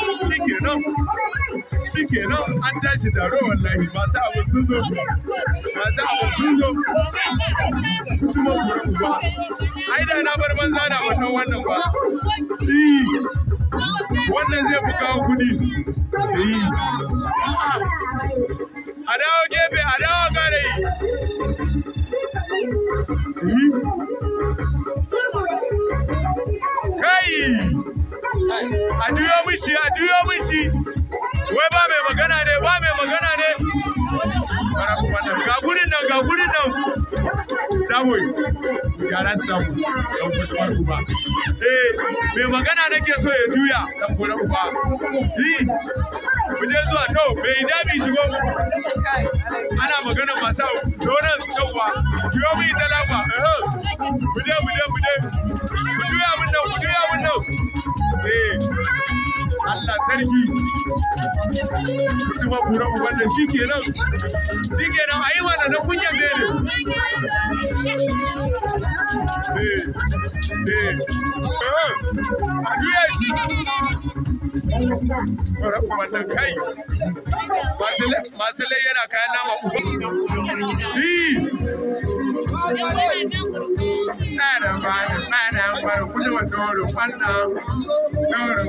shikenan shikenan an tashi taro wallahi masu masu abin sun zo kuma kuren ba ai da na bar banza da mutum wannan ba wannan zai fi kawo kuɗi a dawo gefe a dawo gare kai a duyo mishi a duyo mishi wai ba mai magana ne ba mai magana ne ga gurin nan ga gurin nan staboy yaran samu dan kutuwar kuma. eh mai magana nake so ya juya dan kutuwar uba yi ku je zuwa to mai hijabi shigo ana magana masa zo nan yauwa shigo mu yi talaba eh mu je mu je mu je ku juya mun nan ku juya mun nan eh Allah sarki kuma kura uban da shi shi ayi kunya bere a duya eh, eh. eh, shi kura uban da kai masu lai yana kayan nama uban Madam, madam, madam, madam, ku ji wa wannan, doro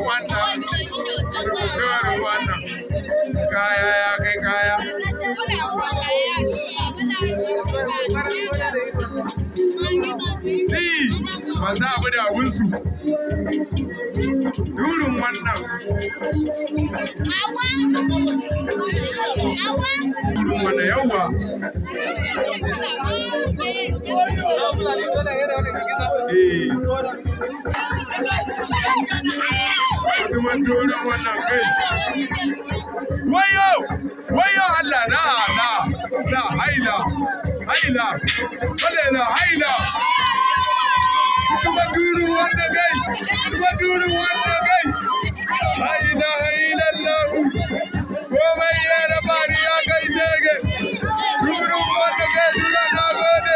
wannan, Kaya ya kai kaya. ba za da abinsu. Durin wannan. Durin wannan yawwa. wayo wayo Allah na na na haila haila wale na haila kuma duru wanda kai kuma duru wanda kai haila haila Allah komai ya rabari ya kai sai ga duru wanda kai duru na gode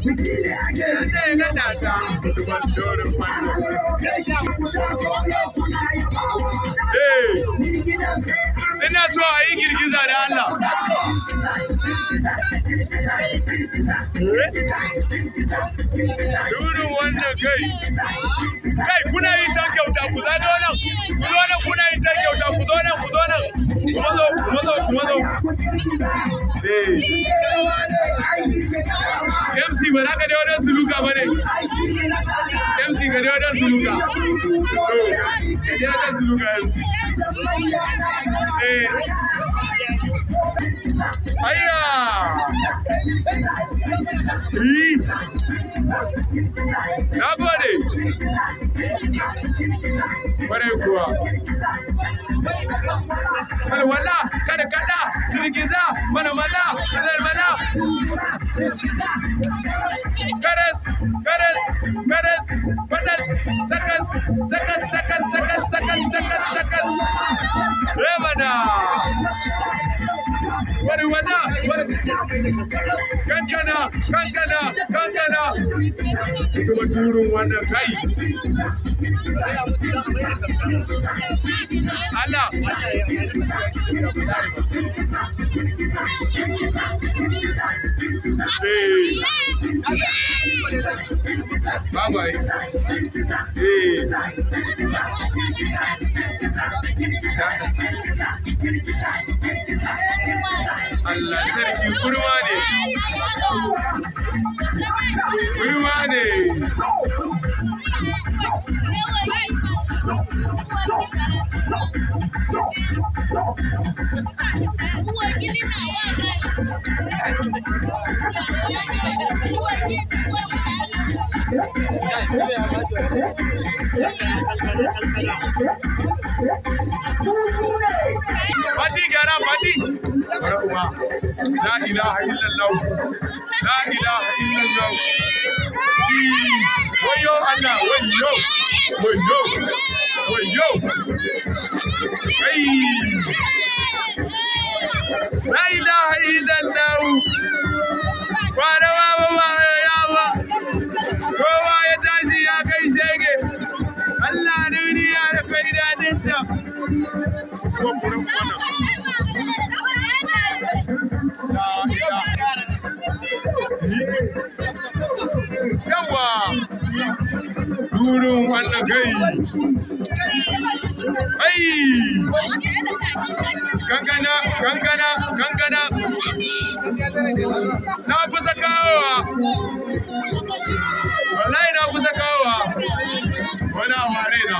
ina so a yi girgiza da Allah kai, eh? kai kuna ta kyauta ku nan, ku zo nan kuna ta kyauta ku zo nan ku zo nan. mazo mazo mazo MC ba za ka dai wajen suluka MC ka dai wajen suluka to ka dai wajen suluka MC eh Hayya! Yi! Na gode! Kwarai kuwa. Kai wala, kada kada, girgiza, mana mana, mana mana. Karas, karas, karas, karas, cakas, cakas, cakas, cakas, cakas, cakas, cakas. Remana! warwada kankana kankana kankana kuma turun wannan kai Allah Bye bye. Hey. Fati gyara fati. Barkuwa. La ilaha illallah. La ilaha illallah. Wayo Allah, wayo. Wayo. Wayo. Hey. la ilaha illallah farawa baba ya ba kowa ya tashi ya kai shege Allah ni duniya da kai ta. yawa durin wannan kai ai kankana kankana kankana na kusa kawowa wallahi na kusa kawowa wani awa raina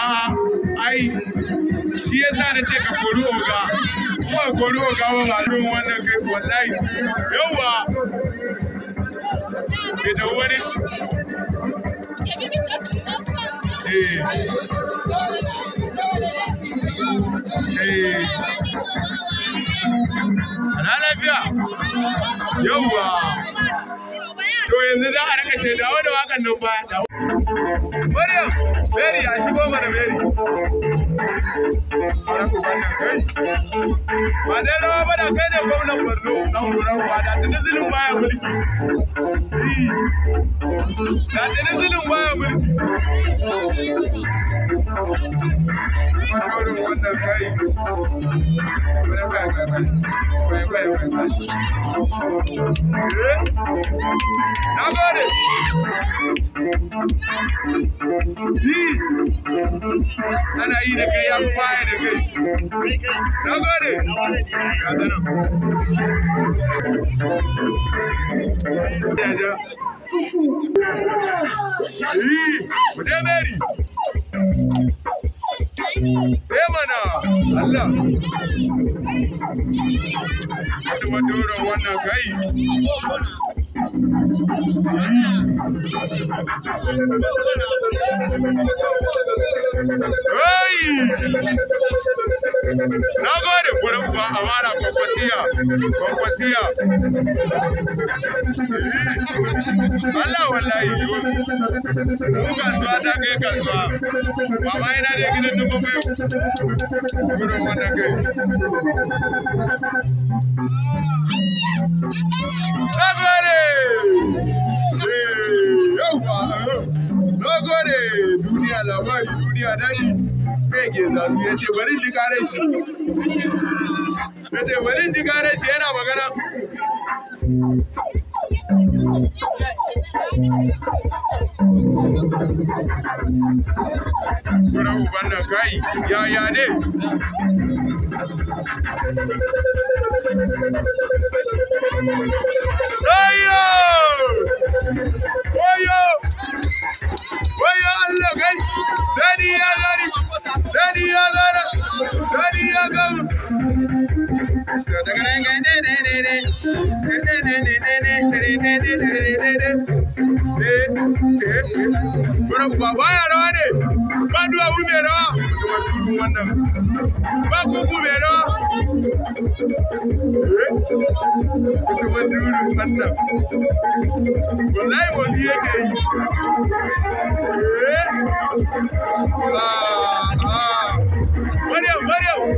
A'a, ai, shi ya sa na ce ka kori oga, kuma kori oga ba ba wannan kai wallahi, yauwa They don't win it. Eh. Hey. Eh. Hey. Ana lafiya. Yawwa. To yanzu za a rika shaidawa da wakan nan baya. Maryam, Mary, a shigo mana Mary. ba dai rawa ba kai ne gwamnan borno da nizilin baya mulki kai ya kwaya da kai. Na gode. Jaja. Yi, ku Mary. Eh mana, Allah. Wata madura wannan kai. Hey! na gode gurin ba a mara kwakwasiya kwakwasiya Allah wallahi mu kasuwa ta kai kasuwa ba yana da gidan dubu bai gurin wannan kai na gode eh, yauwa eh. na gode duniya labari duniya daɗi fege zazu ya ce bari ji kare shi ya ce bari ji kare shi yana magana Kuna uban da kai ne? Rayo! Allah kai! ya zari Ready, Yagara! Ready, Yagara! Kuna kuwa ne, ba duwa wuri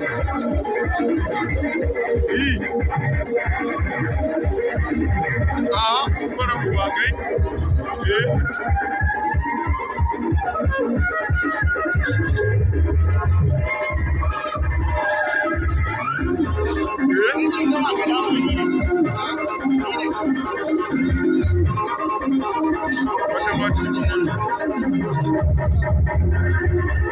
Ah, para o bagulho. Thank you.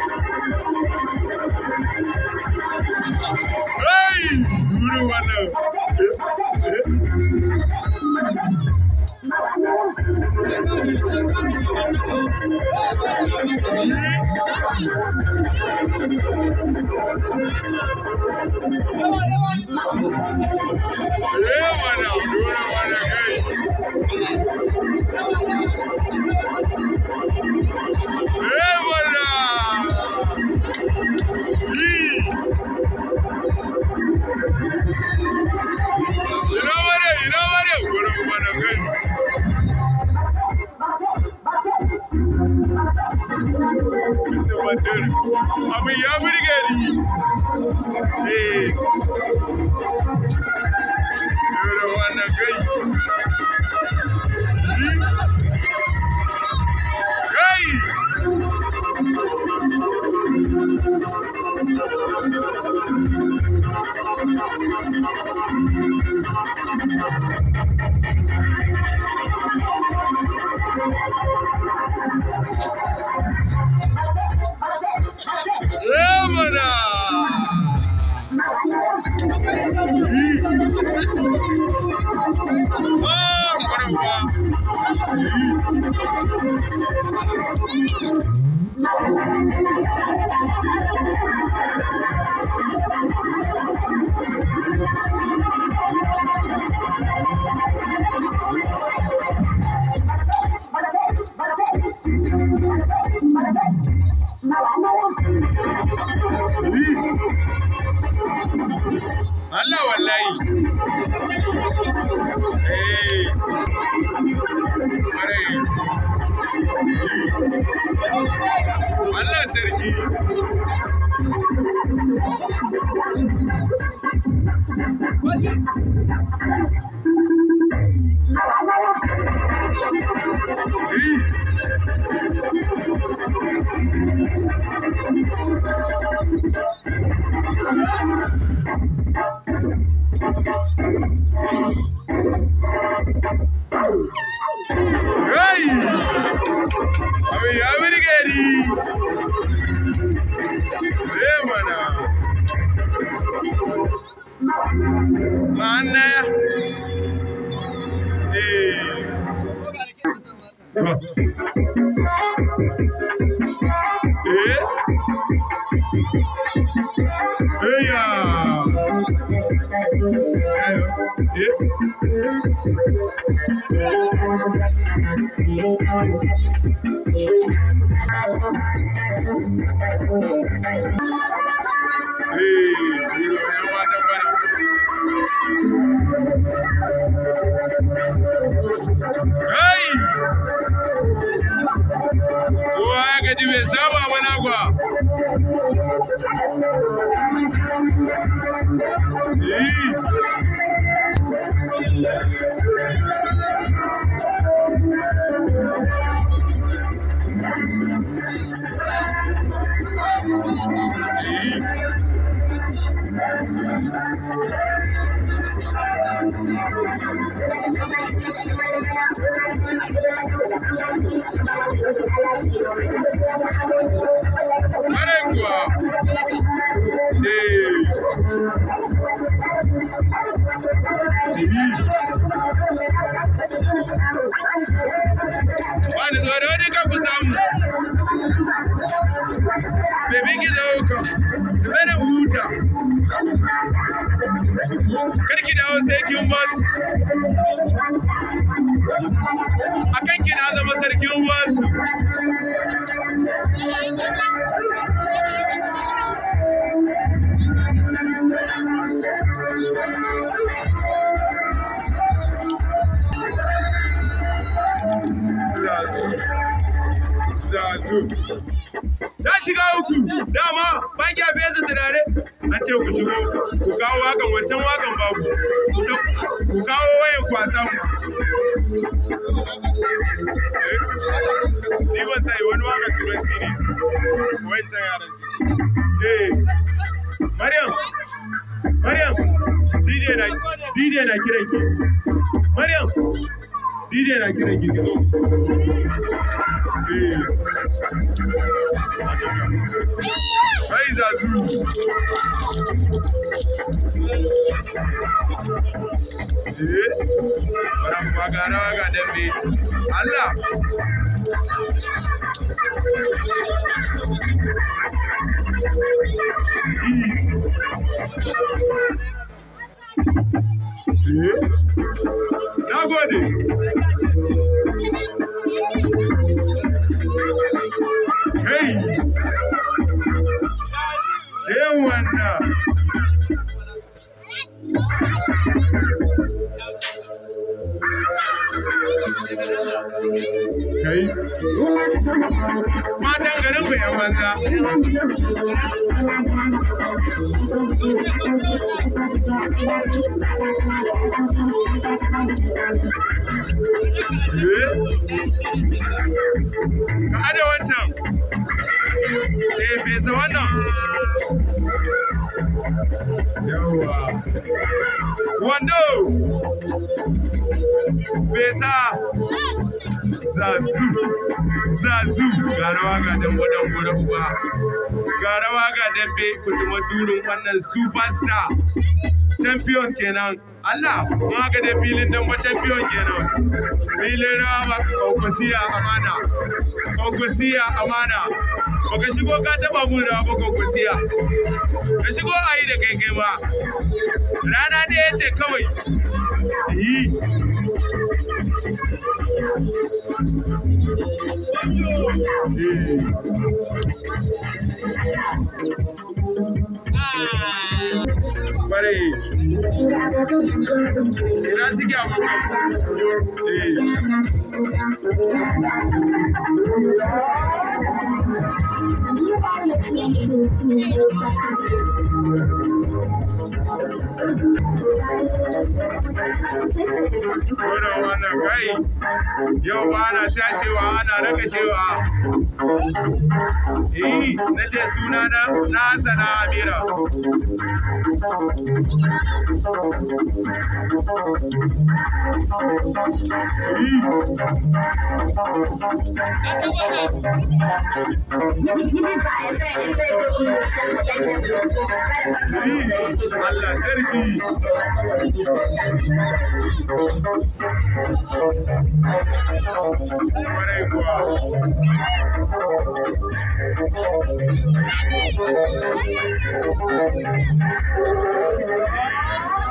Allah wallahi. Eh. Allah sarki. Wasu. Hey, you know, Kai! ya gaji bai saba ba na kwa. kwasa mu eh? ni ban sai wani waka turanci ne wancan yaran eh maryam maryam dj na dj na kiran ki maryam dj na kiran ki eh Faiza Zulu. Baramba ga ga dambe. Allah. Hey! matan garin ku yan banza ka ada wancan eh wannan yawa wando zazu zazu ga rawa ga dan wadan gura uba ga rawa ga dambe kuduma durin wannan superstar champion kenan Allah ma ga da filin dan champion kenan filin rawa ba kwakwasiya amana kwakwasiya amana baka shigo ka taba mun rawa ba kwakwasiya ka shigo a yi da kai kai ba rana ne ya ce kawai yi Bare ah. ina Thank you. Wurin wannan kai yau ba ana tashewa ana rakashewa. Eh, na ce suna na na Hassana Amira. Eh, Allah Sergi. Para igual. Thank you.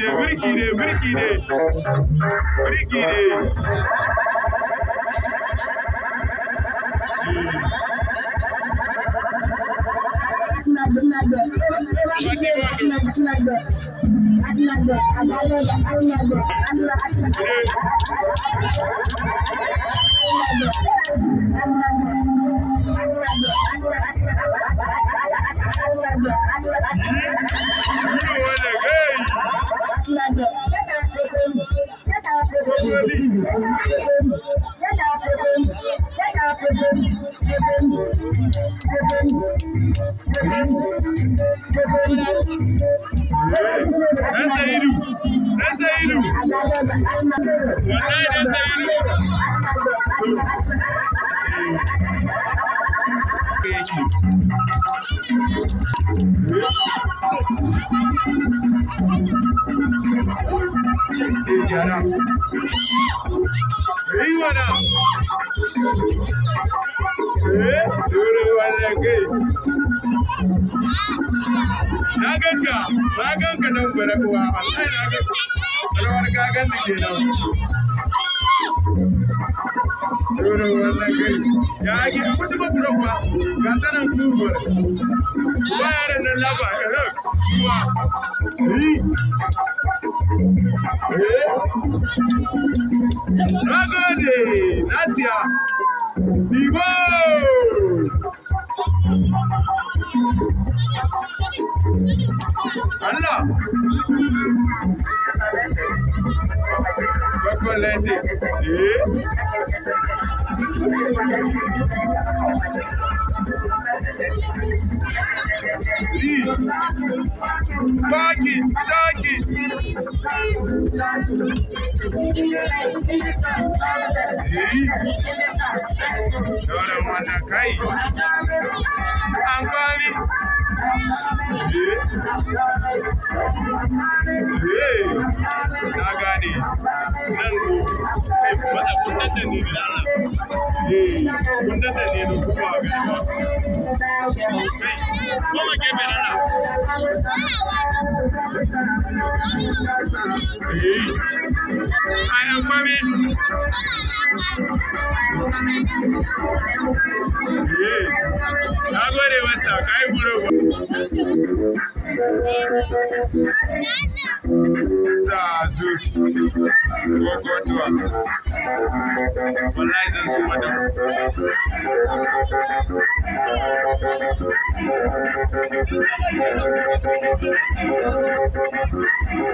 de, Bricky de, Bricky de. Bricky de. Yeah. yi Nagode, Nasia, Allah. eh? Thank you. taki taki sauran wannan kai an na gane nan go wata kundan da ne da ala kundan da ne da kuma a gani ba kai kuma I am coming. Na gode masa, ka yi buro ba. Zazu, Bogotuwa, Wallahi zan su madam. Thank you. Eh.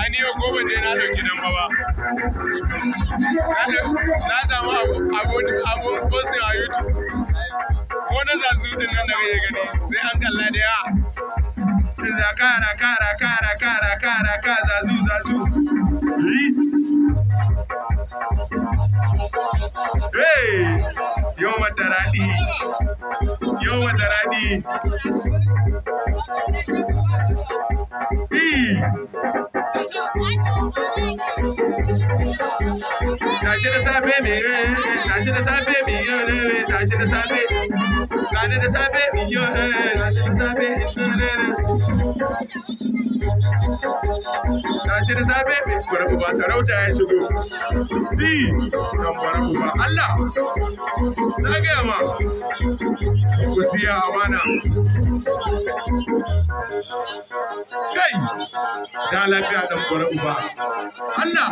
Ani yau gobe je na ɗauki nan ba. Na samu abun posting a YouTube. Ko na zazu din nan da kake gani sai an kalla da yawa. Ah, za kara kara kara kara kara ka zazu zazu. Eh. Hey! Yau mata raɗi. Yau mata raɗi. Tashi da safe miliyon, eh, eh, eh. tashi da safe miliyon, tashi da da safe miliyon, da safe miliyon. Gashi da safe kwarabu sarauta ya shigo. Bi kan kwarabu Allah. Na gaya ma ku siya amana. Kai da lafiya dan kwarabu ba. Allah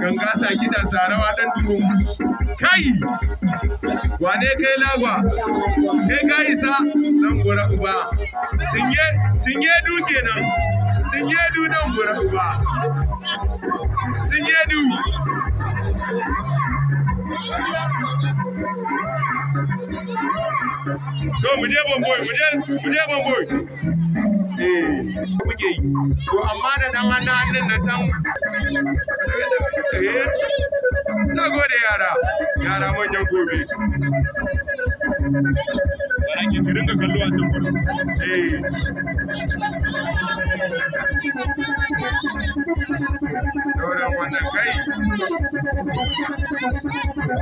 ganga sa kidan sarawa dan duhun kai wane kai lagwa kai ka isa nan gura uba cinye cinye du kenan cinye du nan gura uba cinye du Go, muje bomboy, muje, muje bomboy. muke yi to amma da dan hannun hannun na dan na gode yara yara manyan gobe Hey!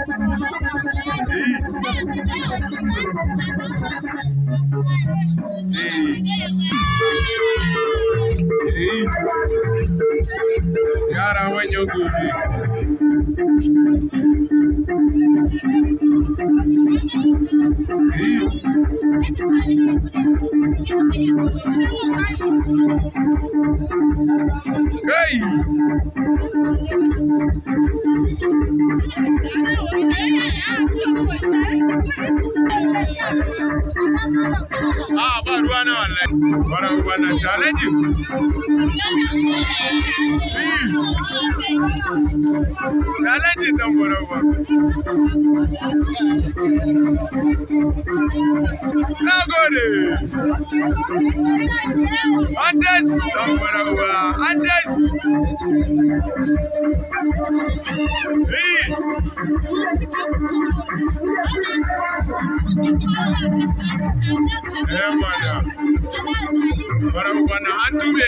Hey! Hey Ah, challenge you. Challenge dan murabba. Na gode.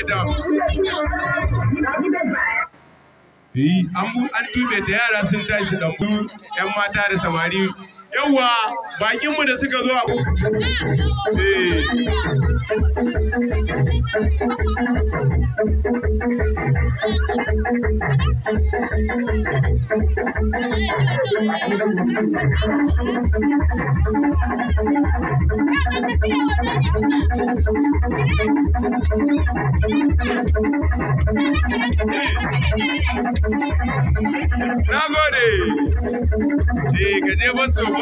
da. an tube ta yara sun tashi ɗan yan mata da samari yawa bakinmu da suka zo a Na gode! Eh, ka você?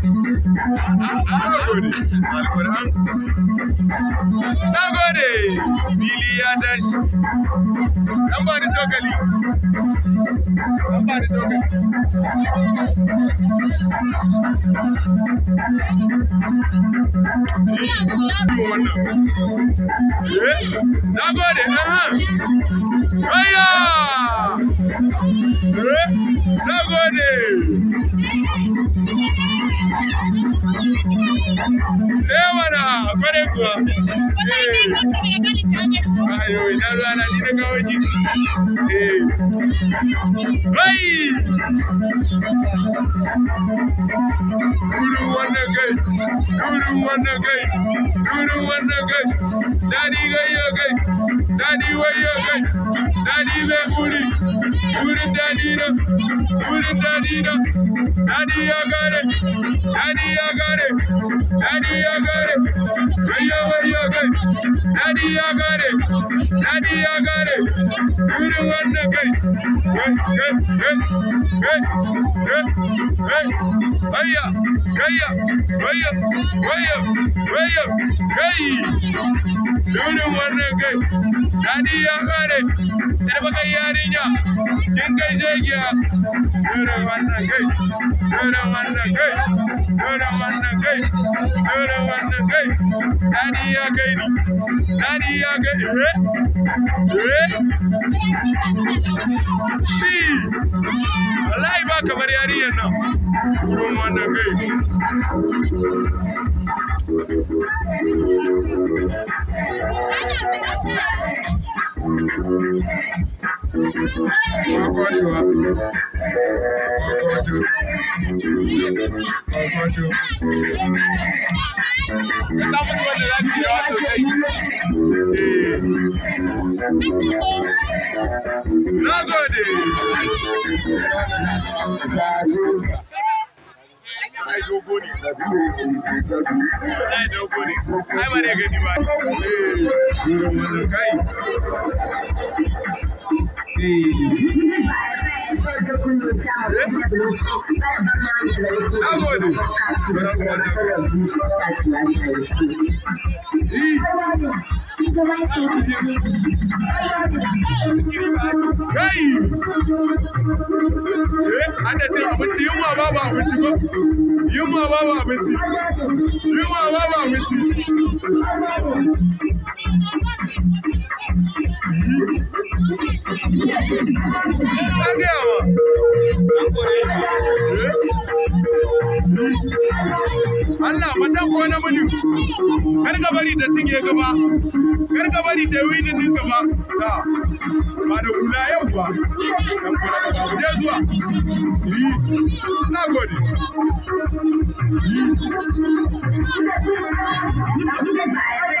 Alkur'an. ya Ɗan ba cokali. Ɗan ba cokali. Eh, Eh, mana kwarai kuwa. Eh, ayo, ina ruwa na ni da kawai ji. Rai! Durin gai, gai, gai, gai gai, wai ya gai, daɗi mai kuli. Put Danita, put it Danita. Daddy, I got it. Daddy, I got it. Daddy, I got it. Where you, where you going? Daddy, I got it. Daddy, I got it. You the one that got it. Hey, kin kai jegiya eh eh wallahi ba kamar yarinyar nan wurin wannan kai Thank you. ọgọ́jọ ọgọ́jọ ọgọ́jọ. Examples where the left they also take Nagode. Ẹ̀ẹ́dógún ni. Ẹ̀ẹ́dógún ni. Ẹ máa dẹ̀ gẹ̀dì báyìí. Ọ̀sán káyìí. Kai! Eh, ana cin abinci, yunwa babu abinci ko? Yunwa babu abinci. Yunwa babu abinci. Allah matan ko na mini. Kar ka bari da tinge gaba. Kar ka bari da winin din gaba. Ba da hula yau ba. Kan kora Je zuwa. Na gode. Thank you.